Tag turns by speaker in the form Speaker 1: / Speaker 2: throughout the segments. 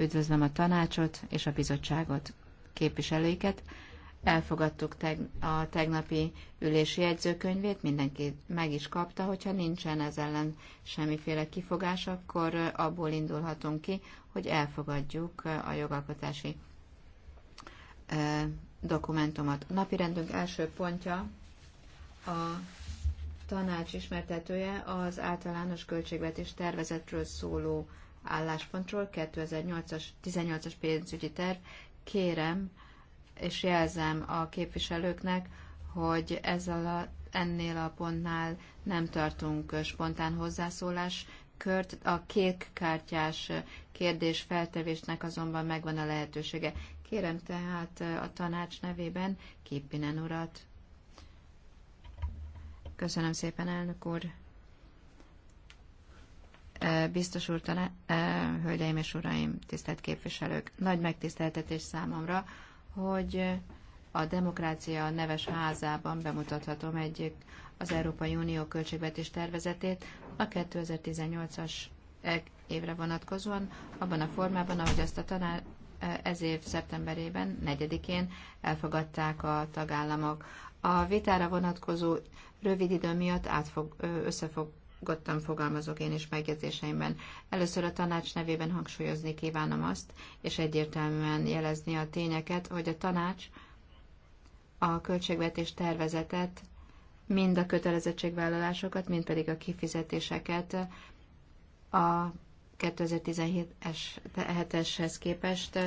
Speaker 1: Üdvözlöm a tanácsot és a bizottságot, képviselőiket. Elfogadtuk teg- a tegnapi ülési jegyzőkönyvét, mindenki meg is kapta, hogyha nincsen ez ellen semmiféle kifogás, akkor uh, abból indulhatunk ki, hogy elfogadjuk uh, a jogalkotási uh, dokumentumot. A napirendünk első pontja a tanács ismertetője az általános költségvetés tervezetről szóló álláspontról, 2018-as, 18-as pénzügyi terv. Kérem és jelzem a képviselőknek, hogy ezzel a, ennél a pontnál nem tartunk spontán hozzászólás kört. A kék kártyás kérdés feltevésnek azonban megvan a lehetősége. Kérem tehát a tanács nevében Képinen urat. Köszönöm szépen, elnök úr. Biztos úr, taná- hölgyeim és uraim, tisztelt képviselők, nagy megtiszteltetés számomra, hogy a demokrácia neves házában bemutathatom egyik az Európai Unió költségvetés tervezetét a 2018-as e- évre vonatkozóan, abban a formában, ahogy azt a tanár ez év szeptemberében, 4-én elfogadták a tagállamok. A vitára vonatkozó rövid idő miatt átfog, fog, nyugodtan fogalmazok én is megjegyzéseimben. Először a tanács nevében hangsúlyozni kívánom azt, és egyértelműen jelezni a tényeket, hogy a tanács a költségvetés tervezetet, mind a kötelezettségvállalásokat, mind pedig a kifizetéseket a 2017-eshez képest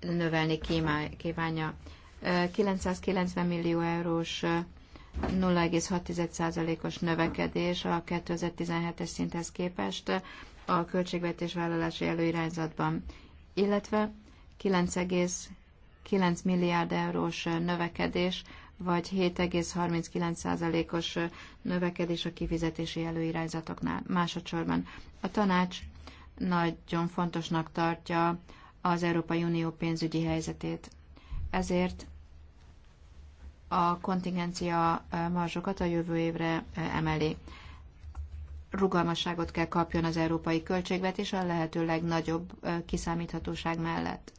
Speaker 1: növelni kívánja. 990 millió eurós 0,6%-os növekedés a 2017-es szinthez képest a költségvetés vállalási előirányzatban, illetve 9,9 milliárd eurós növekedés, vagy 7,39%-os növekedés a kifizetési előirányzatoknál. Másodszorban a tanács nagyon fontosnak tartja az Európai Unió pénzügyi helyzetét. Ezért a kontingencia marzsokat a jövő évre emeli. Rugalmasságot kell kapjon az európai költségvetés a lehető legnagyobb kiszámíthatóság mellett.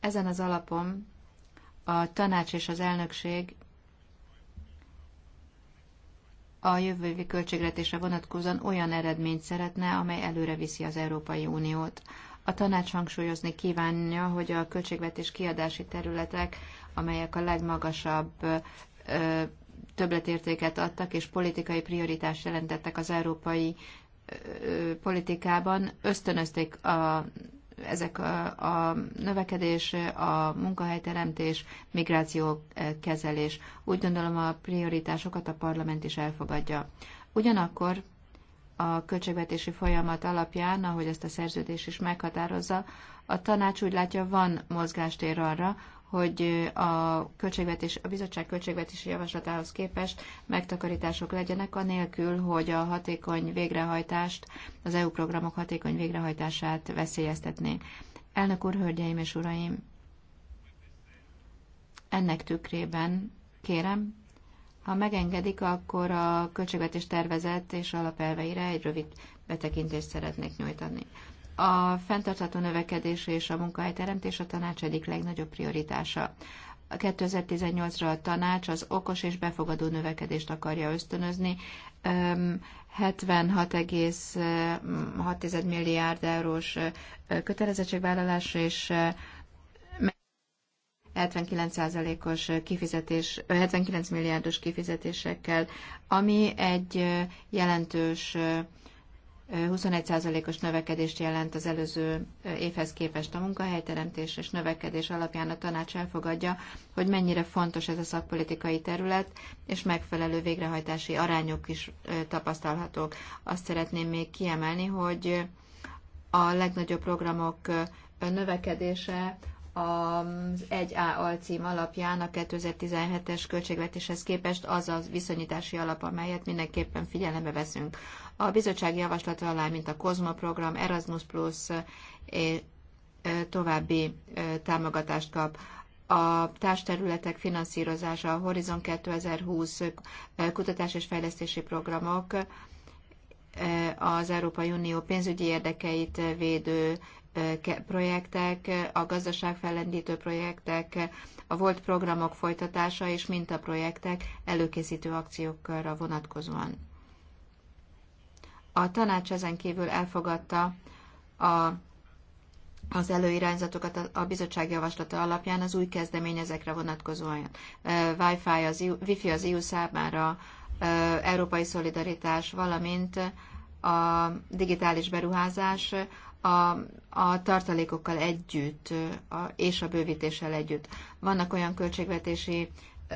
Speaker 1: Ezen az alapon a tanács és az elnökség a jövő évi költségvetésre vonatkozóan olyan eredményt szeretne, amely előre viszi az Európai Uniót. A tanács hangsúlyozni kívánja, hogy a költségvetés kiadási területek, amelyek a legmagasabb többletértéket adtak és politikai prioritást jelentettek az európai politikában, ösztönözték a, ezek a, a növekedés, a munkahelyteremtés, migráció kezelés. Úgy gondolom a prioritásokat a parlament is elfogadja. Ugyanakkor a költségvetési folyamat alapján, ahogy ezt a szerződés is meghatározza, a tanács úgy látja, van mozgástér arra, hogy a, költségvetés, a bizottság költségvetési javaslatához képest megtakarítások legyenek, anélkül, hogy a hatékony végrehajtást, az EU programok hatékony végrehajtását veszélyeztetné. Elnök úr, hölgyeim és uraim! Ennek tükrében kérem, ha megengedik, akkor a költségvetés tervezet és alapelveire egy rövid betekintést szeretnék nyújtani. A fenntartható növekedés és a munkahelyteremtés a tanács egyik legnagyobb prioritása. 2018-ra a tanács az okos és befogadó növekedést akarja ösztönözni. 76,6 milliárd eurós kötelezettségvállalás és 79%-os kifizetés, 79 milliárdos kifizetésekkel, ami egy jelentős 21%-os növekedést jelent az előző évhez képest a munkahelyteremtés és növekedés alapján a tanács elfogadja, hogy mennyire fontos ez a szakpolitikai terület, és megfelelő végrehajtási arányok is tapasztalhatók. Azt szeretném még kiemelni, hogy a legnagyobb programok növekedése az 1A alcím alapján a 2017-es költségvetéshez képest az a viszonyítási alap, amelyet mindenképpen figyelembe veszünk. A bizottság javaslata alá, mint a COSMO program, Erasmus Plus további támogatást kap a társterületek finanszírozása, a Horizon 2020 kutatás és fejlesztési programok, az Európai Unió pénzügyi érdekeit védő projektek, a gazdaságfellendítő projektek, a volt programok folytatása és mintaprojektek előkészítő akciókra vonatkozóan. A tanács ezen kívül elfogadta a az előirányzatokat a bizottság javaslata alapján az új kezdeményezekre vonatkozóan. Wi-Fi, az EU, Wi-Fi az EU számára, európai szolidaritás, valamint a digitális beruházás, a, a tartalékokkal együtt a, és a bővítéssel együtt. Vannak olyan költségvetési ö,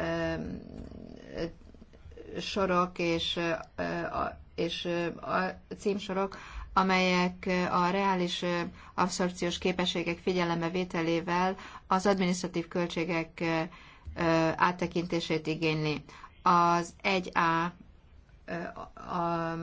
Speaker 1: sorok és, ö, a, és a címsorok, amelyek a reális abszorpciós képességek vételével az administratív költségek áttekintését igényli. Az 1A a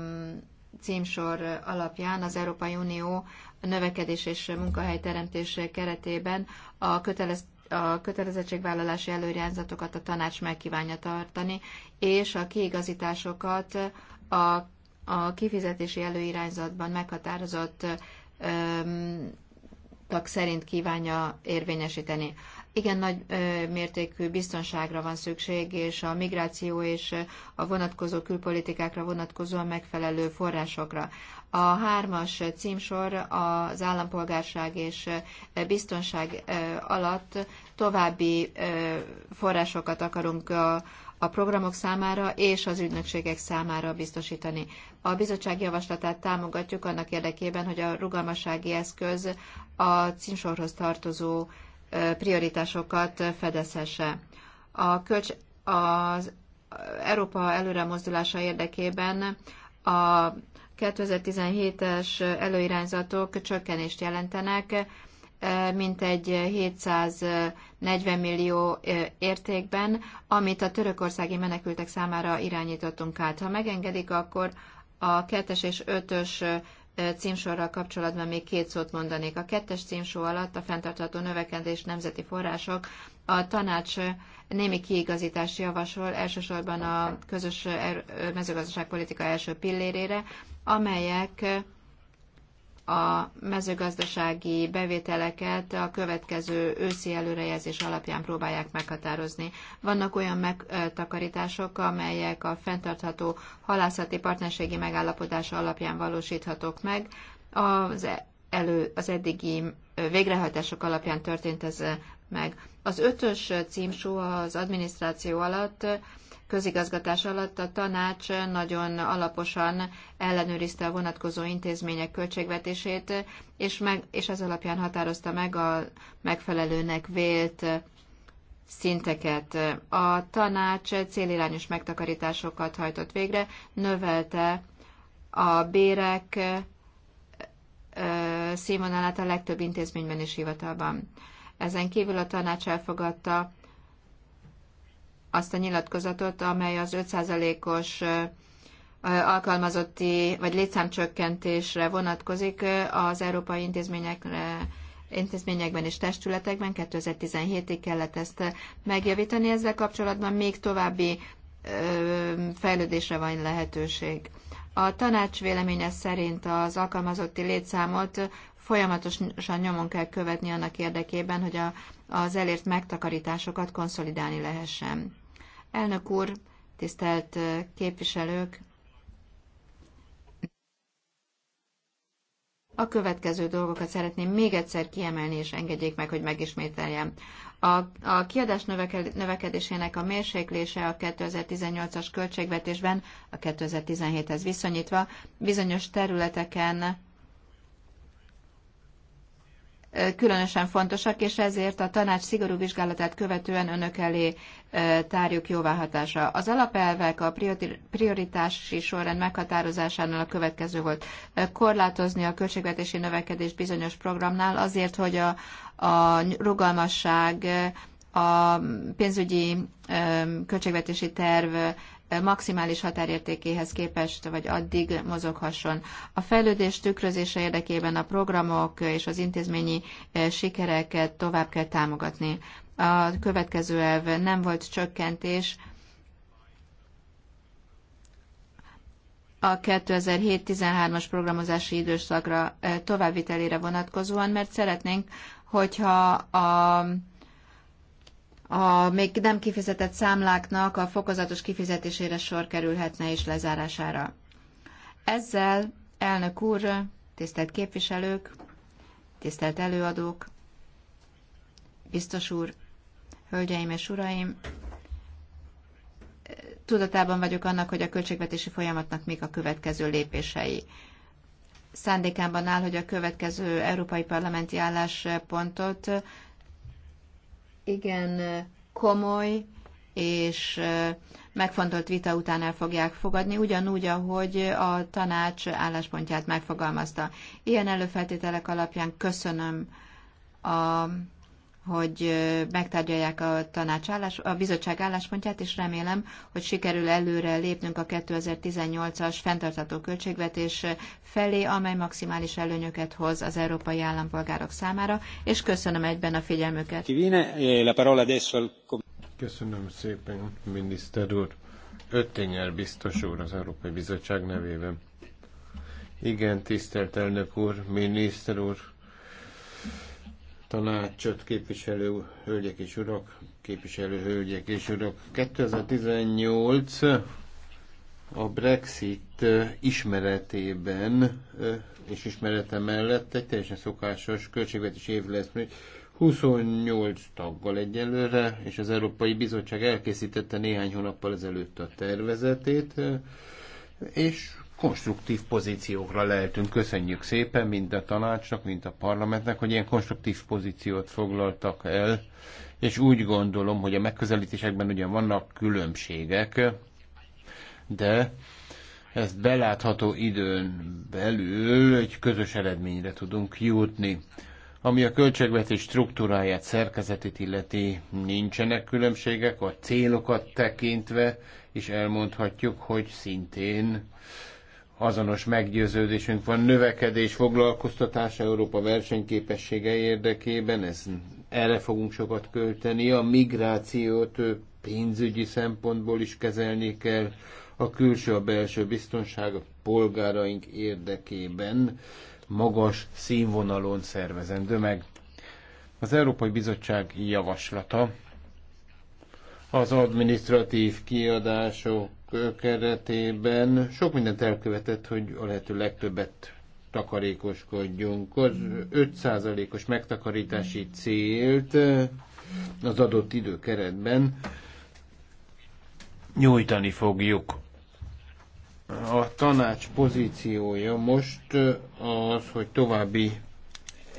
Speaker 1: címsor alapján az Európai Unió a növekedés és munkahelyteremtés keretében a kötelez a kötelezettségvállalási előrejelzatokat a tanács megkívánja tartani, és a kiigazításokat a, a kifizetési előirányzatban meghatározott öm, tag szerint kívánja érvényesíteni igen nagy mértékű biztonságra van szükség, és a migráció és a vonatkozó külpolitikákra vonatkozóan megfelelő forrásokra. A hármas címsor az állampolgárság és biztonság alatt további forrásokat akarunk a a programok számára és az ügynökségek számára biztosítani. A bizottság javaslatát támogatjuk annak érdekében, hogy a rugalmassági eszköz a címsorhoz tartozó prioritásokat fedezhesse. A kölcs, az Európa előre mozdulása érdekében a 2017-es előirányzatok csökkenést jelentenek, mintegy 740 millió értékben, amit a törökországi menekültek számára irányítottunk át. Ha megengedik, akkor a 2-es és 5-ös címsorral kapcsolatban még két szót mondanék. A kettes címsó alatt a fenntartható növekedés nemzeti források a tanács némi kiigazítás javasol, elsősorban a közös er- mezőgazdaságpolitika első pillérére, amelyek a mezőgazdasági bevételeket a következő őszi előrejelzés alapján próbálják meghatározni. Vannak olyan megtakarítások, amelyek a fenntartható halászati partnerségi megállapodása alapján valósíthatók meg. Az, e- elő, az eddigi végrehajtások alapján történt ez meg. Az ötös címsó az adminisztráció alatt közigazgatás alatt a tanács nagyon alaposan ellenőrizte a vonatkozó intézmények költségvetését, és, meg, és ez alapján határozta meg a megfelelőnek vélt szinteket. A tanács célirányos megtakarításokat hajtott végre, növelte a bérek színvonalát a legtöbb intézményben és hivatalban. Ezen kívül a tanács elfogadta azt a nyilatkozatot, amely az 5%-os alkalmazotti vagy létszámcsökkentésre vonatkozik az európai intézményekre intézményekben és testületekben 2017-ig kellett ezt megjavítani. Ezzel kapcsolatban még további fejlődésre van lehetőség. A tanács véleménye szerint az alkalmazotti létszámot folyamatosan nyomon kell követni annak érdekében, hogy a az elért megtakarításokat konszolidálni lehessen. Elnök úr, tisztelt képviselők! A következő dolgokat szeretném még egyszer kiemelni, és engedjék meg, hogy megismételjem. A, a kiadás növekedésének a mérséklése a 2018-as költségvetésben, a 2017-hez viszonyítva, bizonyos területeken különösen fontosak, és ezért a tanács szigorú vizsgálatát követően önök elé e, tárjuk jóváhatásra. Az alapelvek a prioritási sorrend meghatározásánál a következő volt. E, korlátozni a költségvetési növekedés bizonyos programnál azért, hogy a, a rugalmasság e, a pénzügyi költségvetési terv maximális határértékéhez képest, vagy addig mozoghasson. A fejlődés tükrözése érdekében a programok és az intézményi eh, sikereket tovább kell támogatni. A következő elv nem volt csökkentés, a 2007-13-as programozási időszakra eh, továbbvitelére vonatkozóan, mert szeretnénk, hogyha a a még nem kifizetett számláknak a fokozatos kifizetésére sor kerülhetne és lezárására. Ezzel, elnök úr, tisztelt képviselők, tisztelt előadók, biztos úr, hölgyeim és uraim, tudatában vagyok annak, hogy a költségvetési folyamatnak mik a következő lépései. Szándékámban áll, hogy a következő Európai Parlamenti álláspontot igen komoly és megfontolt vita után el fogják fogadni, ugyanúgy, ahogy a tanács álláspontját megfogalmazta. Ilyen előfeltételek alapján köszönöm a hogy megtárgyalják a, tanács állás, a bizottság álláspontját, és remélem, hogy sikerül előre lépnünk a 2018-as fenntartató költségvetés felé, amely maximális előnyöket hoz az európai állampolgárok számára, és köszönöm egyben a figyelmüket. Eh,
Speaker 2: köszönöm szépen, miniszter úr. Öttinger biztos úr az Európai Bizottság nevében. Igen, tisztelt elnök úr, miniszter úr, tanácsot, képviselő hölgyek és urak, képviselő hölgyek és urak. 2018 a Brexit ismeretében és ismerete mellett egy teljesen szokásos költségvetés év lesz, 28 taggal egyelőre, és az Európai Bizottság elkészítette néhány hónappal ezelőtt a tervezetét, és konstruktív pozíciókra lehetünk. Köszönjük szépen mind a tanácsnak, mind a parlamentnek, hogy ilyen konstruktív pozíciót foglaltak el, és úgy gondolom, hogy a megközelítésekben ugyan vannak különbségek, de ezt belátható időn belül egy közös eredményre tudunk jutni. Ami a költségvetés struktúráját, szerkezetét illeti, nincsenek különbségek, a célokat tekintve, és elmondhatjuk, hogy szintén azonos meggyőződésünk van, növekedés, foglalkoztatás Európa versenyképessége érdekében, ez, erre fogunk sokat költeni, a migrációt pénzügyi szempontból is kezelni kell, a külső, a belső biztonság a polgáraink érdekében magas színvonalon szervezendő meg. Az Európai Bizottság javaslata az administratív kiadások keretében sok mindent elkövetett, hogy a lehető legtöbbet takarékoskodjunk. Az 5%-os megtakarítási célt az adott időkeretben nyújtani fogjuk. A tanács pozíciója most az, hogy további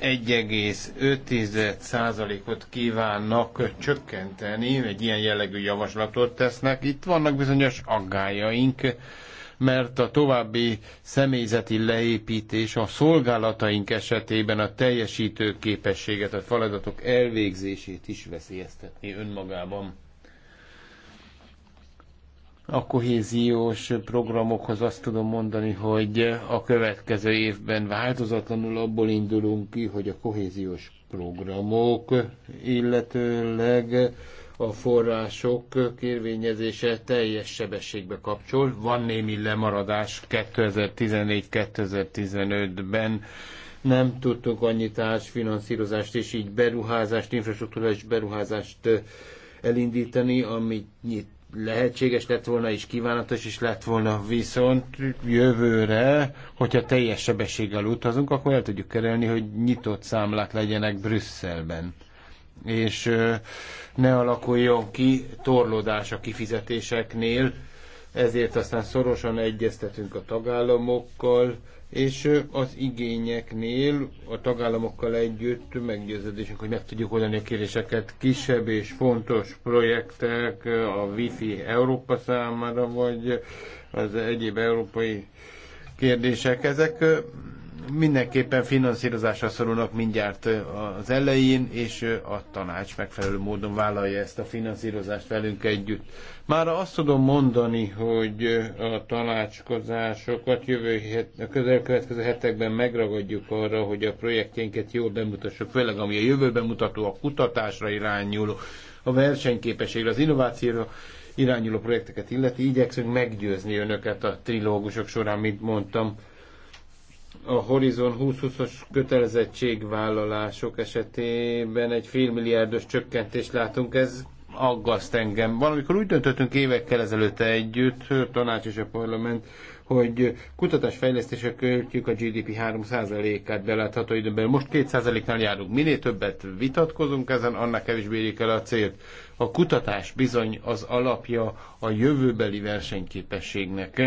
Speaker 2: 1,5%-ot kívánnak csökkenteni, egy ilyen jellegű javaslatot tesznek. Itt vannak bizonyos aggájaink, mert a további személyzeti leépítés a szolgálataink esetében a teljesítő képességet, a feladatok elvégzését is veszélyeztetni önmagában a kohéziós programokhoz azt tudom mondani, hogy a következő évben változatlanul abból indulunk ki, hogy a kohéziós programok, illetőleg a források kérvényezése teljes sebességbe kapcsol. Van némi lemaradás 2014-2015-ben, nem tudtunk annyi társfinanszírozást és így beruházást, infrastruktúrális beruházást elindítani, amit lehetséges lett volna, és kívánatos is lett volna, viszont jövőre, hogyha teljes sebességgel utazunk, akkor el tudjuk kerelni, hogy nyitott számlák legyenek Brüsszelben és ne alakuljon ki torlódás a kifizetéseknél, ezért aztán szorosan egyeztetünk a tagállamokkal, és az igényeknél a tagállamokkal együtt meggyőződésünk, hogy meg tudjuk oldani a kéréseket. Kisebb és fontos projektek a Wi-Fi Európa számára, vagy az egyéb európai kérdések, ezek mindenképpen finanszírozásra szorulnak mindjárt az elején, és a tanács megfelelő módon vállalja ezt a finanszírozást velünk együtt. Már azt tudom mondani, hogy a tanácskozásokat jövő het, a közelkövetkező hetekben megragadjuk arra, hogy a projektjénket jól bemutassuk, főleg ami a jövőben mutató, a kutatásra irányuló, a versenyképességre, az innovációra irányuló projekteket illeti. Igyekszünk meggyőzni önöket a trilógusok során, mint mondtam, a Horizon 2020 os kötelezettségvállalások esetében egy félmilliárdos csökkentést látunk, ez aggaszt engem. amikor úgy döntöttünk évekkel ezelőtt együtt, tanács és a parlament, hogy kutatásfejlesztésre költjük a GDP 3%-át belátható időben Most 2%-nál járunk. Minél többet vitatkozunk ezen, annak kevésbé érik el a célt. A kutatás bizony az alapja a jövőbeli versenyképességnek.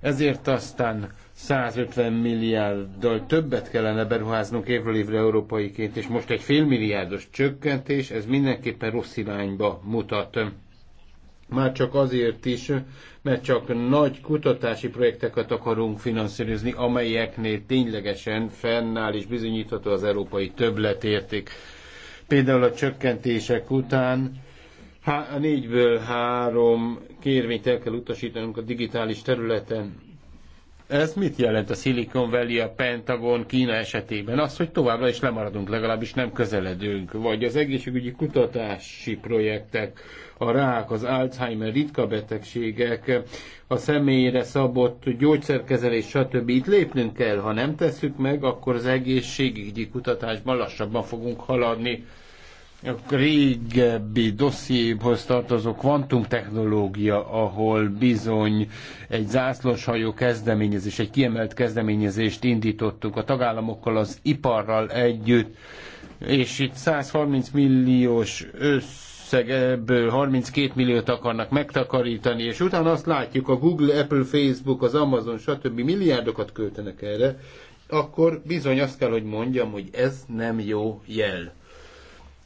Speaker 2: Ezért aztán 150 milliárddal többet kellene beruháznunk évről évre európaiként, és most egy félmilliárdos csökkentés, ez mindenképpen rossz irányba mutat. Már csak azért is, mert csak nagy kutatási projekteket akarunk finanszírozni, amelyeknél ténylegesen fennáll és bizonyítható az európai többletérték. Például a csökkentések után há- a négyből három kérvényt el kell utasítanunk a digitális területen ez mit jelent a Silicon Valley, a Pentagon, Kína esetében? Az, hogy továbbra is lemaradunk, legalábbis nem közeledünk. Vagy az egészségügyi kutatási projektek, a rák, az Alzheimer, ritka betegségek, a személyre szabott gyógyszerkezelés, stb. Itt lépnünk kell. Ha nem tesszük meg, akkor az egészségügyi kutatásban lassabban fogunk haladni a régebbi dossziéhoz tartozó kvantumtechnológia, ahol bizony egy zászlóshajó kezdeményezés, egy kiemelt kezdeményezést indítottuk a tagállamokkal, az iparral együtt, és itt 130 milliós összeg, ebből 32 milliót akarnak megtakarítani, és utána azt látjuk, a Google, Apple, Facebook, az Amazon, stb. milliárdokat költenek erre, akkor bizony azt kell, hogy mondjam, hogy ez nem jó jel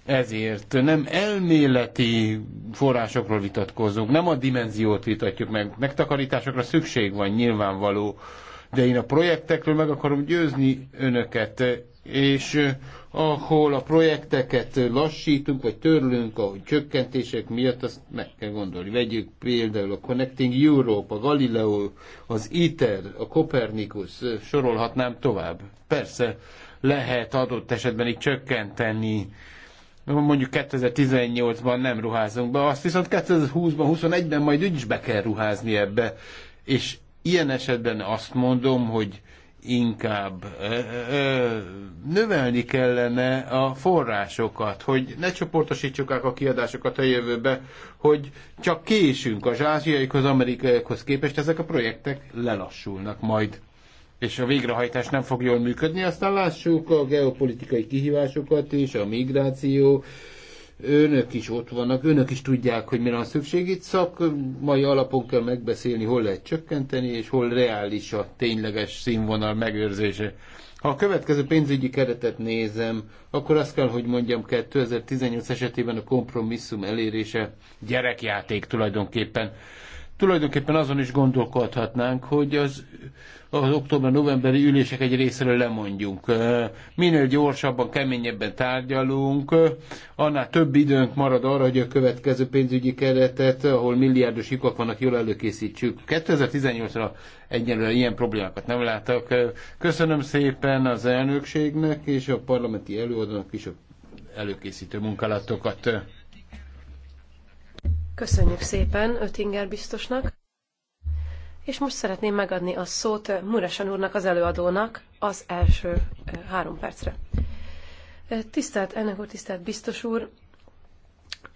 Speaker 2: ezért nem elméleti forrásokról vitatkozunk, nem a dimenziót vitatjuk meg. Megtakarításokra szükség van nyilvánvaló, de én a projektekről meg akarom győzni önöket, és ahol a projekteket lassítunk, vagy törlünk, ahogy csökkentések miatt, azt meg kell gondolni. Vegyük például a Connecting Europe, a Galileo, az ITER, a Copernicus, sorolhatnám tovább. Persze lehet adott esetben itt csökkenteni mondjuk 2018-ban nem ruházunk be, azt viszont 2020-ban, 21-ben majd úgyis be kell ruházni ebbe. És ilyen esetben azt mondom, hogy inkább ö, ö, növelni kellene a forrásokat, hogy ne csoportosítsuk át a kiadásokat a jövőbe, hogy csak késünk az ázsiaikhoz, amerikaiakhoz képest, ezek a projektek lelassulnak majd és a végrehajtás nem fog jól működni. Aztán lássuk a geopolitikai kihívásokat és a migráció, önök is ott vannak, önök is tudják, hogy mire van szükség. Itt Mai alapon kell megbeszélni, hol lehet csökkenteni, és hol reális a tényleges színvonal megőrzése. Ha a következő pénzügyi keretet nézem, akkor azt kell, hogy mondjam, 2018 esetében a kompromisszum elérése gyerekjáték tulajdonképpen tulajdonképpen azon is gondolkodhatnánk, hogy az, az október-novemberi ülések egy részéről lemondjunk. Minél gyorsabban, keményebben tárgyalunk, annál több időnk marad arra, hogy a következő pénzügyi keretet, ahol milliárdos lyukak vannak, jól előkészítsük. 2018-ra egyenlően ilyen problémákat nem láttak. Köszönöm szépen az elnökségnek és a parlamenti előadónak is a előkészítő munkálatokat.
Speaker 3: Köszönjük szépen Ötinger biztosnak. És most szeretném megadni a szót Muresan úrnak, az előadónak az első eh, három percre. Eh, tisztelt elnök úr, tisztelt biztos úr,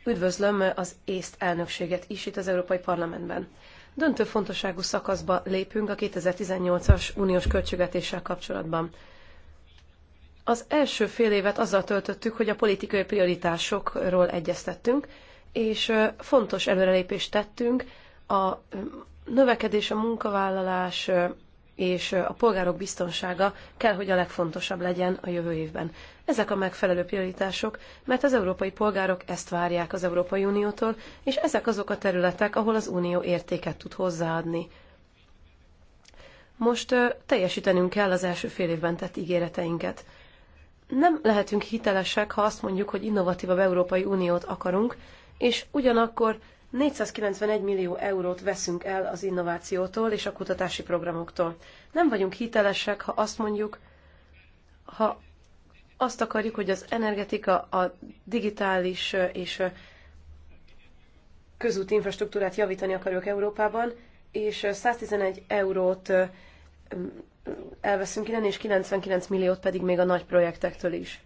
Speaker 3: üdvözlöm az észt elnökséget is itt az Európai Parlamentben. Döntő fontosságú szakaszba lépünk a 2018-as uniós költségvetéssel kapcsolatban. Az első fél évet azzal töltöttük, hogy a politikai prioritásokról egyeztettünk, és fontos előrelépést tettünk a növekedés, a munkavállalás és a polgárok biztonsága kell, hogy a legfontosabb legyen a jövő évben. Ezek a megfelelő prioritások, mert az európai polgárok ezt várják az Európai Uniótól, és ezek azok a területek, ahol az Unió értéket tud hozzáadni. Most teljesítenünk kell az első fél évben tett ígéreteinket. Nem lehetünk hitelesek, ha azt mondjuk, hogy innovatívabb Európai Uniót akarunk, és ugyanakkor 491 millió eurót veszünk el az innovációtól és a kutatási programoktól. Nem vagyunk hitelesek, ha azt mondjuk, ha azt akarjuk, hogy az energetika, a digitális és közúti infrastruktúrát javítani akarjuk Európában, és 111 eurót elveszünk innen, és 99 milliót pedig még a nagy projektektől is.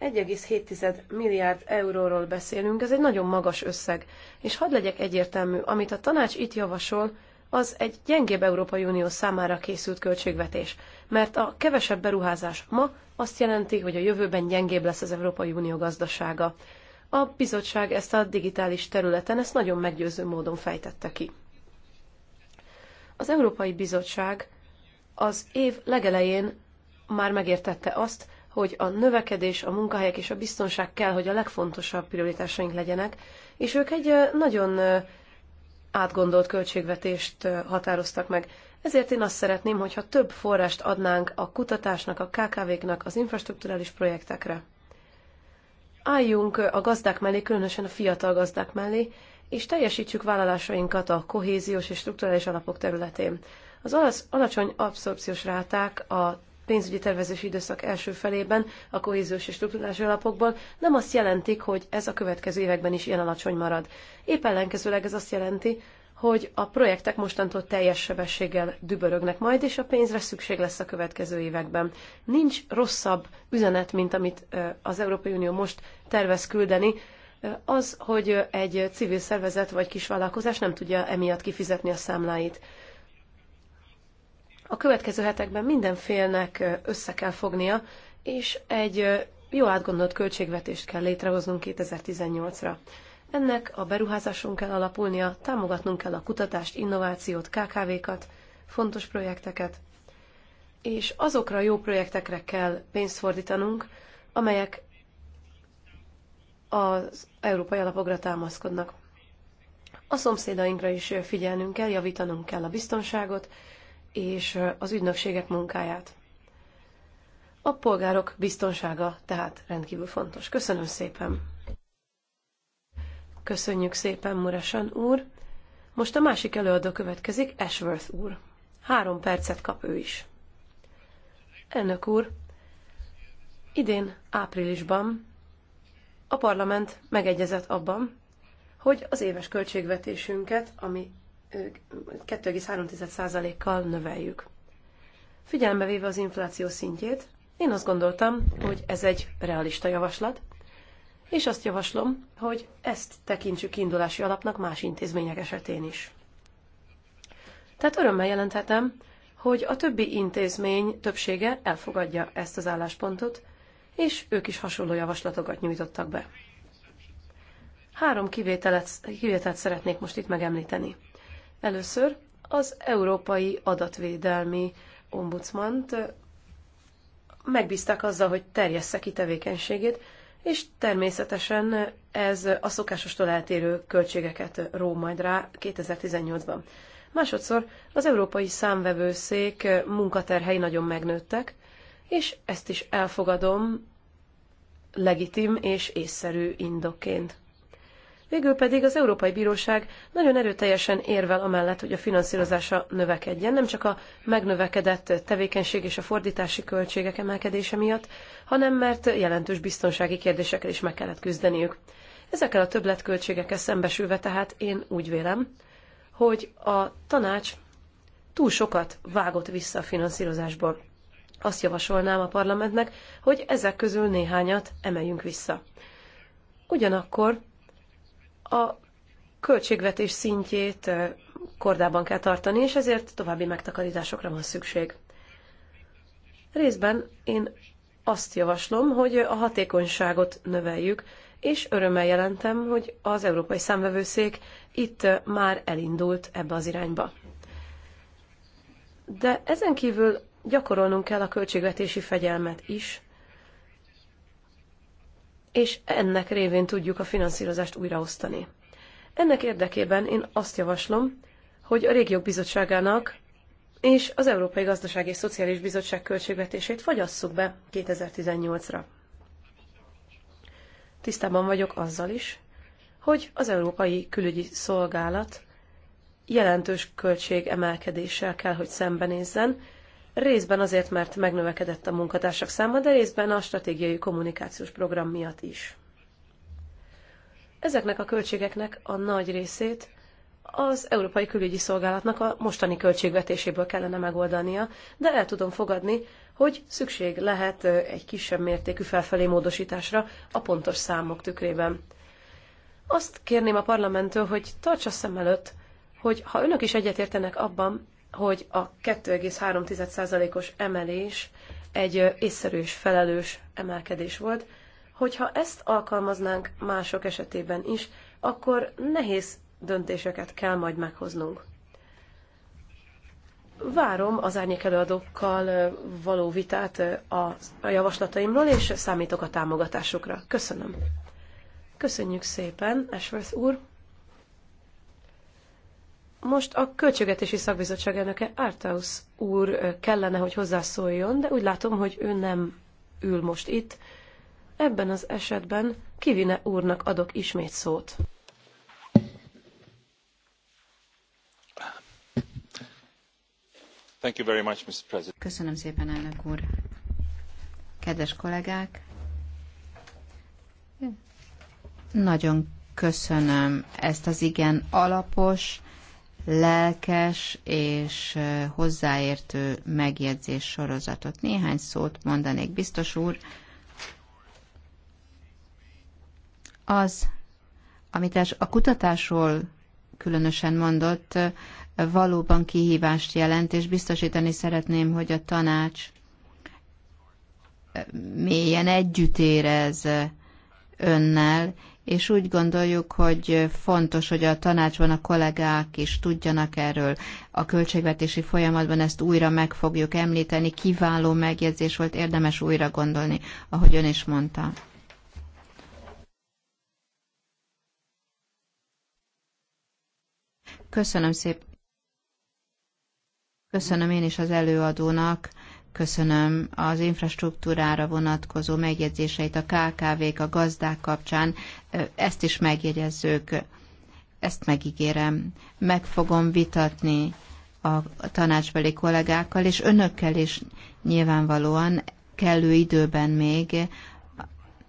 Speaker 3: 1,7 milliárd euróról beszélünk, ez egy nagyon magas összeg. És hadd legyek egyértelmű, amit a tanács itt javasol, az egy gyengébb Európai Unió számára készült költségvetés. Mert a kevesebb beruházás ma azt jelenti, hogy a jövőben gyengébb lesz az Európai Unió gazdasága. A bizottság ezt a digitális területen ezt nagyon meggyőző módon fejtette ki. Az Európai Bizottság az év legelején már megértette azt, hogy a növekedés, a munkahelyek és a biztonság kell, hogy a legfontosabb prioritásaink legyenek, és ők egy nagyon átgondolt költségvetést határoztak meg. Ezért én azt szeretném, hogyha több forrást adnánk a kutatásnak, a KKV-knak, az infrastruktúrális projektekre. Álljunk a gazdák mellé, különösen a fiatal gazdák mellé, és teljesítsük vállalásainkat a kohéziós és strukturális alapok területén. Az alacsony abszorpciós ráták, a pénzügyi tervezési időszak első felében a kohéziós és struktúrás alapokból, nem azt jelentik, hogy ez a következő években is ilyen alacsony marad. Épp ellenkezőleg ez azt jelenti, hogy a projektek mostantól teljes sebességgel dübörögnek majd, és a pénzre szükség lesz a következő években. Nincs rosszabb üzenet, mint amit az Európai Unió most tervez küldeni, az, hogy egy civil szervezet vagy kisvállalkozás nem tudja emiatt kifizetni a számláit. A következő hetekben minden félnek össze kell fognia, és egy jó átgondolt költségvetést kell létrehoznunk 2018-ra. Ennek a beruházáson kell alapulnia, támogatnunk kell a kutatást, innovációt, KKV-kat, fontos projekteket, és azokra a jó projektekre kell pénzt fordítanunk, amelyek az európai alapokra támaszkodnak. A szomszédainkra is figyelnünk kell, javítanunk kell a biztonságot, és az ügynökségek munkáját. A polgárok biztonsága tehát rendkívül fontos. Köszönöm szépen! Köszönjük szépen, Muresan úr! Most a másik előadó következik, Ashworth úr. Három percet kap ő is. Elnök úr, idén áprilisban a parlament megegyezett abban, hogy az éves költségvetésünket, ami 2,3%-kal növeljük. Figyelembe véve az infláció szintjét, én azt gondoltam, hogy ez egy realista javaslat, és azt javaslom, hogy ezt tekintsük indulási alapnak más intézmények esetén is. Tehát örömmel jelenthetem, hogy a többi intézmény többsége elfogadja ezt az álláspontot, és ők is hasonló javaslatokat nyújtottak be. Három kivételt szeretnék most itt megemlíteni. Először az Európai Adatvédelmi Ombudsmant megbízták azzal, hogy terjessze ki tevékenységét, és természetesen ez a szokásostól eltérő költségeket ró majd rá 2018-ban. Másodszor az Európai Számvevőszék munkaterhei nagyon megnőttek, és ezt is elfogadom legitim és észszerű indokként. Végül pedig az Európai Bíróság nagyon erőteljesen érvel amellett, hogy a finanszírozása növekedjen, nem csak a megnövekedett tevékenység és a fordítási költségek emelkedése miatt, hanem mert jelentős biztonsági kérdésekkel is meg kellett küzdeniük. Ezekkel a többletköltségekkel szembesülve tehát én úgy vélem, hogy a tanács túl sokat vágott vissza a finanszírozásból. Azt javasolnám a parlamentnek, hogy ezek közül néhányat emeljünk vissza. Ugyanakkor a költségvetés szintjét kordában kell tartani, és ezért további megtakarításokra van szükség. Részben én azt javaslom, hogy a hatékonyságot növeljük, és örömmel jelentem, hogy az Európai Számvevőszék itt már elindult ebbe az irányba. De ezen kívül gyakorolnunk kell a költségvetési fegyelmet is, és ennek révén tudjuk a finanszírozást újraosztani. Ennek érdekében én azt javaslom, hogy a régiók bizottságának és az Európai gazdaság és Szociális Bizottság költségvetését fagyasszuk be 2018-ra. Tisztában vagyok azzal is, hogy az Európai Külügyi Szolgálat jelentős költségemelkedéssel kell, hogy szembenézzen, részben azért, mert megnövekedett a munkatársak száma, de részben a stratégiai kommunikációs program miatt is. Ezeknek a költségeknek a nagy részét az Európai Külügyi Szolgálatnak a mostani költségvetéséből kellene megoldania, de el tudom fogadni, hogy szükség lehet egy kisebb mértékű felfelé módosításra a pontos számok tükrében. Azt kérném a parlamenttől, hogy tartsa szem előtt, hogy ha önök is egyetértenek abban, hogy a 2,3%-os emelés egy észszerű és felelős emelkedés volt. Hogyha ezt alkalmaznánk mások esetében is, akkor nehéz döntéseket kell majd meghoznunk. Várom az árnyék előadókkal való vitát a javaslataimról, és számítok a támogatásukra. Köszönöm. Köszönjük szépen, Ashworth úr. Most a költségetési Szakbizottság elnöke Artaus úr kellene, hogy hozzászóljon, de úgy látom, hogy ő nem ül most itt. Ebben az esetben Kivine úrnak adok ismét szót.
Speaker 1: Thank you very much, Mr. President. Köszönöm szépen, elnök úr. Kedves kollégák, nagyon köszönöm ezt az igen alapos, lelkes és hozzáértő megjegyzés sorozatot. Néhány szót mondanék, biztos úr. Az, amit a kutatásról különösen mondott, valóban kihívást jelent, és biztosítani szeretném, hogy a tanács mélyen együtt érez önnel, és úgy gondoljuk, hogy fontos, hogy a tanácsban a kollégák is tudjanak erről. A költségvetési folyamatban ezt újra meg fogjuk említeni. Kiváló megjegyzés volt, érdemes újra gondolni, ahogy ön is mondta. Köszönöm szépen. Köszönöm én is az előadónak Köszönöm az infrastruktúrára vonatkozó megjegyzéseit a KKV-k, a gazdák kapcsán. Ezt is megjegyezzük. Ezt megígérem. Meg fogom vitatni a tanácsbeli kollégákkal, és önökkel is nyilvánvalóan kellő időben még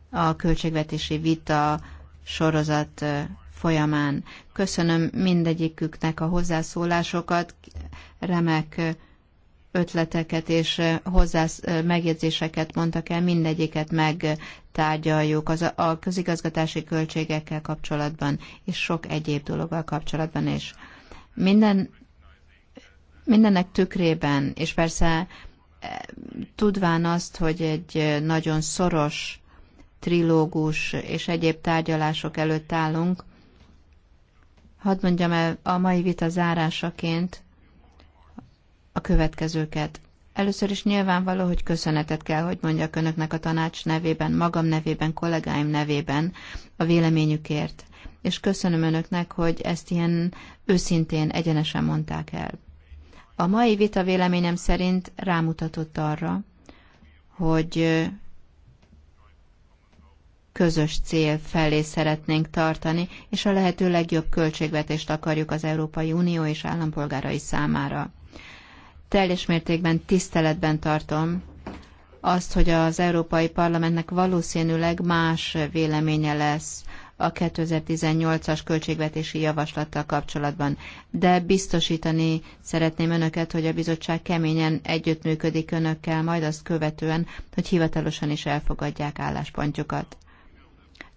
Speaker 1: a költségvetési vita sorozat folyamán. Köszönöm mindegyiküknek a hozzászólásokat, remek ötleteket és hozzá megjegyzéseket mondtak el, mindegyiket megtárgyaljuk az a közigazgatási költségekkel kapcsolatban, és sok egyéb dologgal kapcsolatban is. Minden, mindennek tükrében, és persze e, tudván azt, hogy egy nagyon szoros trilógus és egyéb tárgyalások előtt állunk, hadd mondjam el a mai vita zárásaként, a következőket. Először is nyilvánvaló, hogy köszönetet kell, hogy mondjak önöknek a tanács nevében, magam nevében, kollégáim nevében a véleményükért. És köszönöm önöknek, hogy ezt ilyen őszintén, egyenesen mondták el. A mai vita véleményem szerint rámutatott arra, hogy közös cél felé szeretnénk tartani, és a lehető legjobb költségvetést akarjuk az Európai Unió és állampolgárai számára teljes mértékben tiszteletben tartom azt, hogy az Európai Parlamentnek valószínűleg más véleménye lesz a 2018-as költségvetési javaslattal kapcsolatban. De biztosítani szeretném önöket, hogy a bizottság keményen együttműködik önökkel, majd azt követően, hogy hivatalosan is elfogadják álláspontjukat.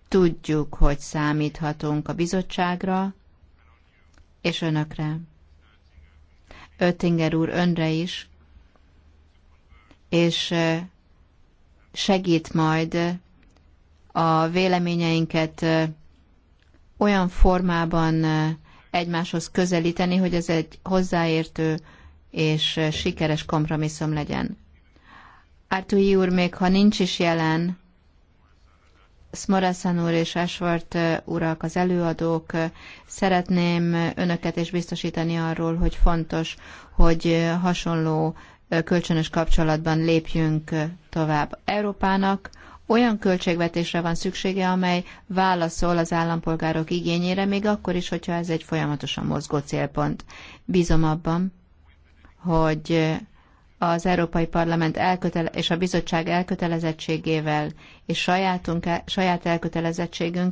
Speaker 1: Tudjuk, hogy számíthatunk a bizottságra és önökre. Öttinger úr önre is, és segít majd a véleményeinket olyan formában egymáshoz közelíteni, hogy ez egy hozzáértő és sikeres kompromisszum legyen. Ártúi úr, még ha nincs is jelen, Smoreszan úr és Ashworth urak, az előadók, szeretném önöket is biztosítani arról, hogy fontos, hogy hasonló kölcsönös kapcsolatban lépjünk tovább. Európának olyan költségvetésre van szüksége, amely válaszol az állampolgárok igényére, még akkor is, hogyha ez egy folyamatosan mozgó célpont. Bízom abban, hogy az Európai Parlament elkötele- és a bizottság elkötelezettségével és sajátunk, saját elkötelezettségünk